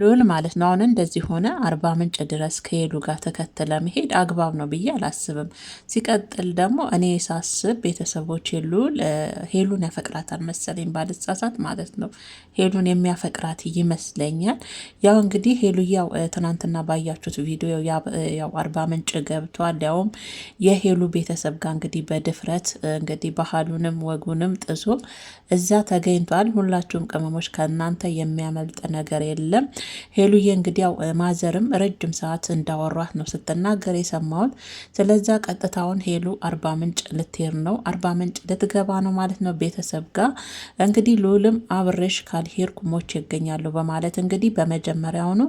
ልዑል ማለት ነው። አሁን እንደዚህ ሆነ አርባ ምንጭ ድረስ ከሄዱ ጋር ተከተለ መሄድ አግባብ ነው ብዬ አላስብም። ሲቀጥል ደግሞ እኔ ሳስብ ቤተሰቦች ልዑል ሄሉን ያፈቅራታል መሰለኝ ባልሳሳት ማለት ነው። ሄሉን የሚያፈቅራት ይመስለኛል። ያው እንግዲህ ሄሉ ያው ትናንትና ባያችሁት ቪዲዮ ያው አርባ ምንጭ ገብቷል። ያውም የሄሉ ቤተሰብ ጋር እንግዲህ በድፍረት እንግዲህ ባህሉንም ወጉንም ጥሶ እዛ ተገኝቷል። ሁላችሁም ቅመሞች ከእናንተ የሚያመልጥ ነገር የለም። ሄሉዬ እንግዲያው ማዘርም ረጅም ሰዓት እንዳወሯት ነው ስትናገር የሰማሁት። ስለዛ ቀጥታውን ሄሉ አርባ ምንጭ ልትሄድ ነው፣ አርባ ምንጭ ልትገባ ነው ማለት ነው ቤተሰብ ጋር እንግዲህ ሉልም አብሬሽ ካልሄድኩ ሞቼ ይገኛሉ በማለት እንግዲህ በመጀመሪያውኑ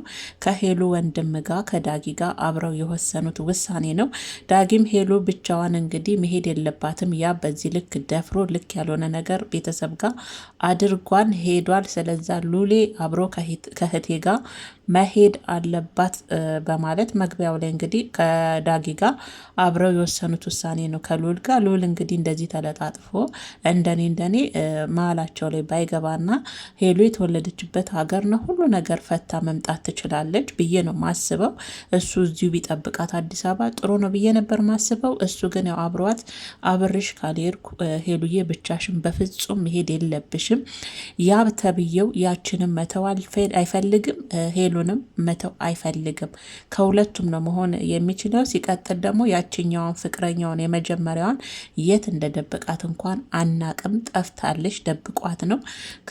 ከሄሉ ወንድም ጋር ከዳጊ ጋር አብረው የወሰኑት ውሳኔ ነው። ዳጊም ሄሉ ብቻዋን እንግዲህ መሄድ የለባትም ያ በዚህ ልክ ደፍሮ ልክ ያልሆነ ነገር ቤተሰብ ጋር አድርጓን ሄዷል። ስለዛ ሉሌ አብሮ ከህቴ ጋር ጋር መሄድ አለባት በማለት መግቢያው ላይ እንግዲህ ከዳጊ ጋር አብረው የወሰኑት ውሳኔ ነው። ከሉል ጋር ሉል እንግዲህ እንደዚህ ተለጣጥፎ እንደኔ እንደኔ መሀላቸው ላይ ባይገባና ሄሉ የተወለደችበት ሀገር ነው፣ ሁሉ ነገር ፈታ መምጣት ትችላለች ብዬ ነው ማስበው። እሱ እዚሁ ቢጠብቃት አዲስ አበባ ጥሩ ነው ብዬ ነበር ማስበው። እሱ ግን ያው አብሯት አብርሽ ካልሄድኩ ሄሉዬ ብቻሽን በፍጹም መሄድ የለብሽም ያብ ተብዬው ያችንም መተው አይፈልግም አይፈልግም፣ ሄሉንም መተው አይፈልግም። ከሁለቱም ነው መሆን የሚችለው። ሲቀጥል ደግሞ ያችኛዋን ፍቅረኛውን የመጀመሪያዋን የት እንደደበቃት እንኳን አናቅም። ጠፍታለች፣ ደብቋት ነው።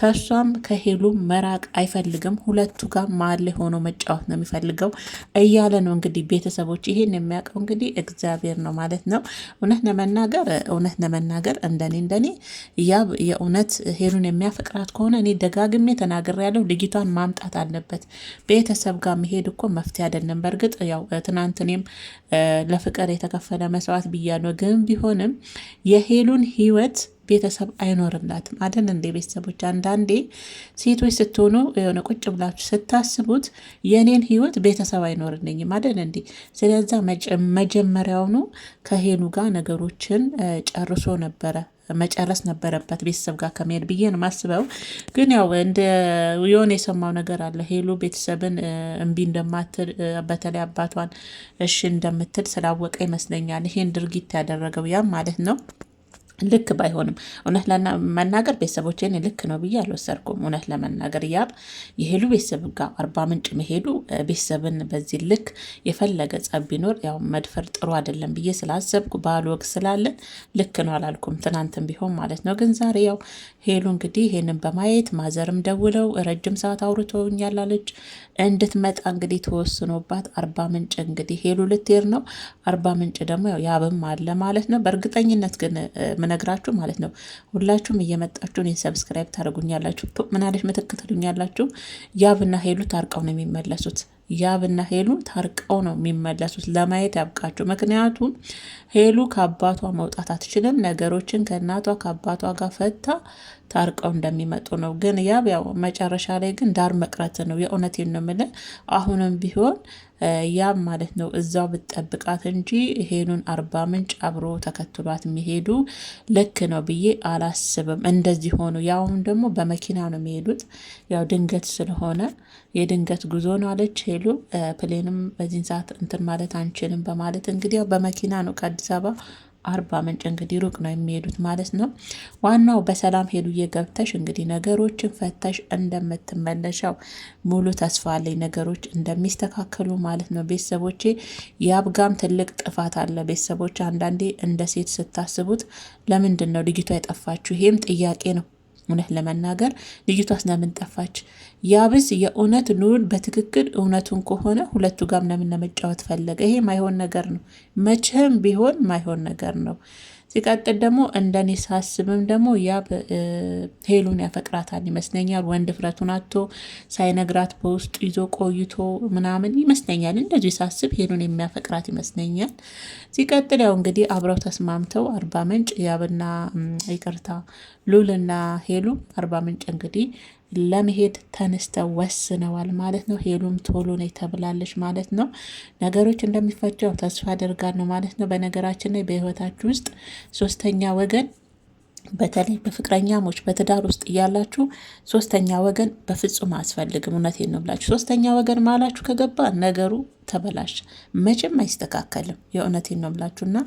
ከእሷም ከሄሉ መራቅ አይፈልግም። ሁለቱ ጋር መሀል ሆኖ መጫወት ነው የሚፈልገው እያለ ነው እንግዲህ ቤተሰቦች። ይሄን የሚያውቀው እንግዲህ እግዚአብሔር ነው ማለት ነው። እውነት ለመናገር እውነት ለመናገር እንደኔ እንደኔ ያ የእውነት ሄሉን የሚያፈቅራት ከሆነ እኔ ደጋግሜ ተናግሬያለሁ፣ ልጅቷን ማምጣት አለበት። አለበት። ቤተሰብ ጋር መሄድ እኮ መፍትሄ አይደለም። በእርግጥ ያው ትናንት እኔም ለፍቅር የተከፈለ መስዋዕት ብያለሁ። ግን ቢሆንም የሄሉን ህይወት ቤተሰብ አይኖርላትም አደን እንዴ? ቤተሰቦች አንዳንዴ ሴቶች ስትሆኑ የሆነ ቁጭ ብላችሁ ስታስቡት የእኔን ህይወት ቤተሰብ አይኖርልኝም አደን እንዴ? ስለዛ መጀመሪያውኑ ከሄሉ ጋር ነገሮችን ጨርሶ ነበረ መጨረስ ነበረበት ቤተሰብ ጋር ከመሄድ ብዬ ነው ማስበው። ግን ያው እንደ የሆነ የሰማው ነገር አለ ሄሉ ቤተሰብን እምቢ እንደማትል በተለይ አባቷን እሺ እንደምትል ስላወቀ ይመስለኛል ይሄን ድርጊት ያደረገው ያም ማለት ነው። ልክ ባይሆንም እውነት ለመናገር ቤተሰቦቼን ልክ ነው ብዬ አልወሰድኩም። እውነት ለመናገር ያብ የሄሉ ቤተሰብ ጋር አርባ ምንጭ መሄዱ ቤተሰብን በዚህ ልክ የፈለገ ጸብ ቢኖር ያው መድፈር ጥሩ አይደለም ብዬ ስላሰብኩ ባህል ወግ ስላለን ልክ ነው አላልኩም። ትናንትም ቢሆን ማለት ነው። ግን ዛሬ ያው ሄሉ እንግዲህ ይሄንን በማየት ማዘርም ደውለው ረጅም ሰዓት አውርተውኛል አለች። እንድትመጣ እንግዲህ ተወስኖባት አርባ ምንጭ እንግዲህ ሄሉ ልትሄድ ነው። አርባ ምንጭ ደግሞ ያብም አለ ማለት ነው። በእርግጠኝነት ግን የምነግራችሁ ማለት ነው። ሁላችሁም እየመጣችሁ እኔን ሰብስክራይብ ታደርጉኛላችሁ፣ ምናለሽ ምትክ ያብና ሄሉ ታርቀው ነው የሚመለሱት። ያብና ሄሉ ታርቀው ነው የሚመለሱት። ለማየት ያብቃችሁ። ምክንያቱም ሄሉ ከአባቷ መውጣት አትችልም። ነገሮችን ከእናቷ ከአባቷ ጋር ፈታ ታርቀው እንደሚመጡ ነው። ግን ያ ያው መጨረሻ ላይ ግን ዳር መቅረት ነው። የእውነቴን ነው የምልህ። አሁንም ቢሆን ያም ማለት ነው እዛው ብጠብቃት እንጂ ሄሉን አርባ ምንጭ አብሮ ተከትሏት የሚሄዱ ልክ ነው ብዬ አላስብም። እንደዚህ ሆኑ። ያውም ደግሞ በመኪና ነው የሚሄዱት። ያው ድንገት ስለሆነ የድንገት ጉዞ ነው አለች ሄሉ። ፕሌንም በዚህን ሰዓት እንትን ማለት አንችልም በማለት እንግዲህ ያው በመኪና ነው ከአዲስ አበባ አርባ ምንጭ እንግዲህ ሩቅ ነው የሚሄዱት ማለት ነው። ዋናው በሰላም ሄዱ እየገብተሽ እንግዲህ ነገሮችን ፈተሽ እንደምትመለሻው ሙሉ ተስፋ አለኝ፣ ነገሮች እንደሚስተካከሉ ማለት ነው። ቤተሰቦቼ የአብጋም ትልቅ ጥፋት አለ። ቤተሰቦች አንዳንዴ እንደ ሴት ስታስቡት ለምንድን ነው ልጅቷ የጠፋችሁ? ይሄም ጥያቄ ነው። እውነት ለመናገር ልጅቷ ስለምን ጠፋች? ያብስ የእውነት ኑሩን በትክክል እውነቱን ከሆነ ሁለቱ ጋም ለምን ለመጫወት ፈለገ? ይሄ ማይሆን ነገር ነው። መቼም ቢሆን ማይሆን ነገር ነው። ሲቀጥል ደግሞ እንደኔ ሳስብም ደግሞ ያ ሄሉን ያፈቅራታል ይመስለኛል። ወንድ ፍረቱን አቶ ሳይነግራት በውስጡ ይዞ ቆይቶ ምናምን ይመስለኛል። እንደዚህ ሳስብ ሄሉን የሚያፈቅራት ይመስለኛል። ሲቀጥል ያው እንግዲህ አብረው ተስማምተው አርባ ምንጭ ያብና ይቅርታ ሉልና ሄሉ አርባ ምንጭ እንግዲህ ለመሄድ ተነስተው ወስነዋል ማለት ነው። ሄሉም ቶሎ ነው ተብላለች ማለት ነው። ነገሮች እንደሚፈጀው ተስፋ አደርጋለሁ ማለት ነው። በነገራችን ላይ በህይወታችሁ ውስጥ ሶስተኛ ወገን በተለይ በፍቅረኛሞች በትዳር ውስጥ እያላችሁ ሶስተኛ ወገን በፍጹም አያስፈልግም። እውነቴን ነው ብላችሁ ሶስተኛ ወገን ማላችሁ ከገባ ነገሩ ተበላሸ፣ መቼም አይስተካከልም። የእውነቴን ነው ብላችሁና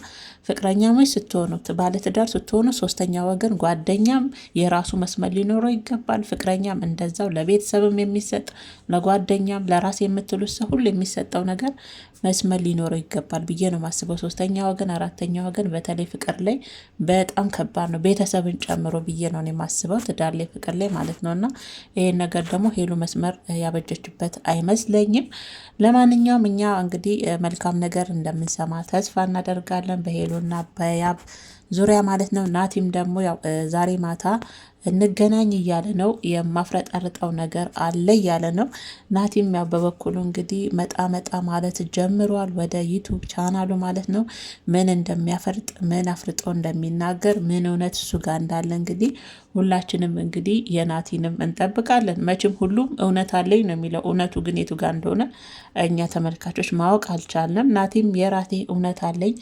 ፍቅረኛሞች ስትሆኑ ባለትዳር ስትሆኑ ሶስተኛ ወገን ጓደኛም የራሱ መስመር ሊኖረው ይገባል። ፍቅረኛም እንደዛው ለቤተሰብም የሚሰጥ ለጓደኛም ለራስ የምትሉት ሰው ሁሉ የሚሰጠው ነገር መስመር ሊኖረው ይገባል ብዬ ነው ማስበው። ሶስተኛ ወገን አራተኛ ወገን በተለይ ፍቅር ላይ በጣም ከባድ ነው፣ ቤተሰብን ጨምሮ ብዬ ነው የማስበው ትዳር ላይ ፍቅር ላይ ማለት ነው። እና ይህን ነገር ደግሞ ሄሉ መስመር ያበጀችበት አይመስለኝም። ለማንኛውም እኛ እንግዲህ መልካም ነገር እንደምንሰማ ተስፋ እናደርጋለን በሄሎና በያብ ዙሪያ ማለት ነው። ናቲም ደግሞ ያው ዛሬ ማታ እንገናኝ እያለ ነው። የማፍረጠርጠው ነገር አለ እያለ ነው። ናቲም ያው በበኩሉ እንግዲህ መጣ መጣ ማለት ጀምሯል ወደ ዩቱብ ቻናሉ ማለት ነው። ምን እንደሚያፈርጥ ምን አፍርጦ እንደሚናገር ምን እውነት እሱ ጋር እንዳለ እንግዲህ ሁላችንም እንግዲህ የናቲንም እንጠብቃለን። መቼም ሁሉም እውነት አለኝ ነው የሚለው እውነቱ ግን የቱ ጋር እንደሆነ እኛ ተመልካቾች ማወቅ አልቻለም። ናቲም የራሴ እውነት አለኝ።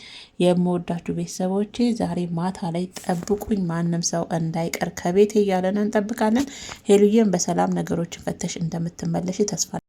የምወዳችሁ ቤተሰቦቼ ዛሬ ማታ ላይ ጠብቁኝ፣ ማንም ሰው እንዳይቀር ከቤት እያለን እንጠብቃለን። ሄሉዬም በሰላም ነገሮችን ፈተሽ እንደምትመለሽ ተስፋ